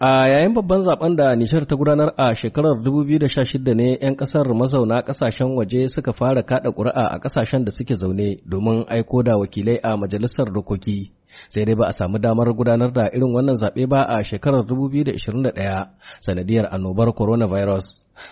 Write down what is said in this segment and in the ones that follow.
A yayin babban zaben da Nishar ta gudanar a shekarar 2016 ne 'yan kasar mazauna ƙasashen waje suka fara kada ƙuri'a a ƙasashen da suke zaune domin aiko da wakilai a majalisar dokoki. sai dai ba a samu damar gudanar da irin wannan zaɓe ba a shekarar 2021 sanadiyar annobar coronavirus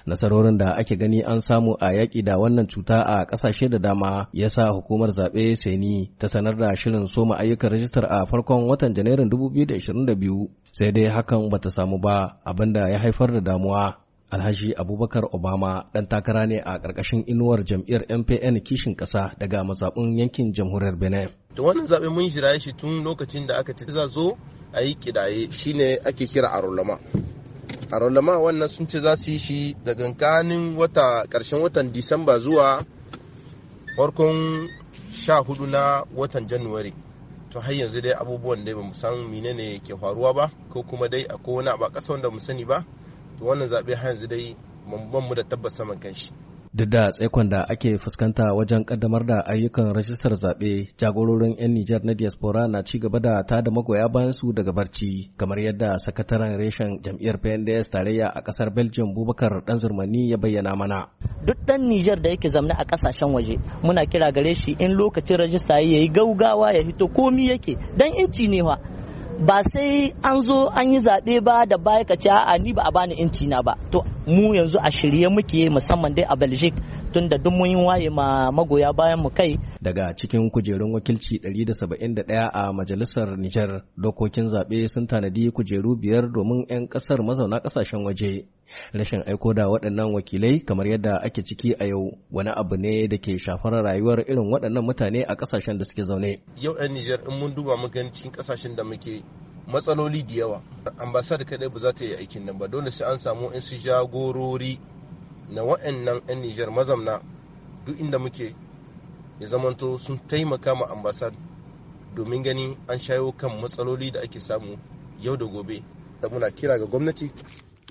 nasarorin da ake gani an samu a yaƙi da wannan cuta a ƙasashe da dama ya sa hukumar zaɓe seni ta sanar da shirin soma ayyukan rajistar a farkon watan janairun 2022 sai dai hakan bata samu ba abinda ya haifar da damuwa Alhaji Abubakar Obama ɗan takara ne a ƙarƙashin inuwar jam'iyyar MPN kishin ƙasa daga mazaɓin yankin jamhuriyar Benin. Da wannan zaɓe mun shirya shi tun lokacin da aka ce za zo a yi ƙidaye shine ake kira arolama. Arolama wannan sun ce za su yi shi daga kanin wata ƙarshen watan Disamba zuwa farkon sha hudu na watan Januwari. to har yanzu dai abubuwan dai bamu san menene ke faruwa ba ko kuma dai akwai wani abu a ƙasa wanda mu sani ba to wannan zaɓe har yanzu dai ban mu da tabbas saman kanshi duk da tsaikon da ake fuskanta wajen kaddamar da ayyukan rajistar zaɓe jagororin 'yan Nijar na diaspora na ci gaba da ta da magoya bayan su daga barci kamar yadda sakataren reshen jam'iyyar PNDS tarayya a ƙasar Belgium Bubakar Dan Zurmani ya bayyana mana. Duk ɗan Nijar da yake zamani a kasashen waje muna kira gare shi in lokacin rajista ya yi gaugawa ya hito komi yake dan inci ne wa ba sai an zo an yi zaɓe ba da baya ka ce a ni ba a bani inci na ba to mu yanzu a shirye muke musamman dai a Belgique tunda duk mun waye ma magoya bayan mu kai daga cikin kujerun wakilci 171 a majalisar Nijar dokokin zaɓe sun tanadi kujeru biyar domin 'yan ƙasar mazauna ƙasashen waje rashin aiko da waɗannan wakilai kamar yadda ake ciki a yau wani abu ne da ke shafar rayuwar irin waɗannan mutane a ƙasashen da suke zaune yau 'yan Nijar in mun duba mu cikin ƙasashen da muke matsaloli da yawa ambasad kadai ba za ta yi aikin nan ba dole sai an samu in su jagorori na wa'annan 'yan nijar mazamna duk inda muke ya zamanto sun taimaka ma ambasad domin gani an shayo kan matsaloli da ake samu yau da gobe da muna kira ga gwamnati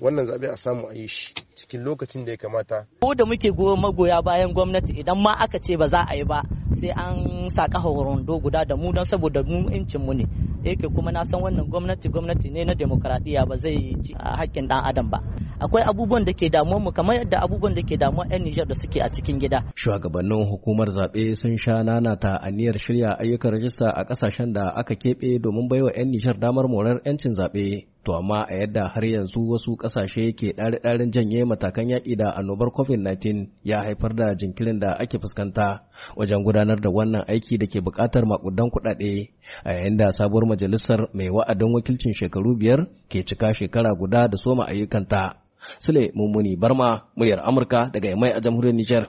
wannan zaɓe a samu a yi shi cikin lokacin da ya kamata. Ko da muke goyon magoya bayan gwamnati idan ma aka ce ba za a yi ba sai an saka kafa rondo guda da mu don saboda mu incin mu ne yake kuma na san wannan gwamnati gwamnati ne na demokradiyya ba zai ci hakkin dan adam ba akwai abubuwan da ke damuwa mu kamar yadda abubuwan da ke damuwar yan Nijar da suke a cikin gida shugabannin hukumar zabe sun sha nanata aniyar shirya ayyukan rajista a kasashen da aka keɓe domin baiwa yan Nijar damar morar yancin zabe To amma a yadda har yanzu wasu ƙasashe ke ɗari-ɗarin janye matakan yaƙi da annobar COVID-19 ya haifar da jinkirin da ake fuskanta wajen gudanar da wannan aiki da ke buƙatar maƙudan kuɗaɗe a yayin da sabuwar majalisar mai wa'adin wakilcin shekaru biyar ke cika shekara guda da soma ayyukanta. Sule Mummuni Barma, muryar Amurka daga Yamai a jamhuriyar Nijar.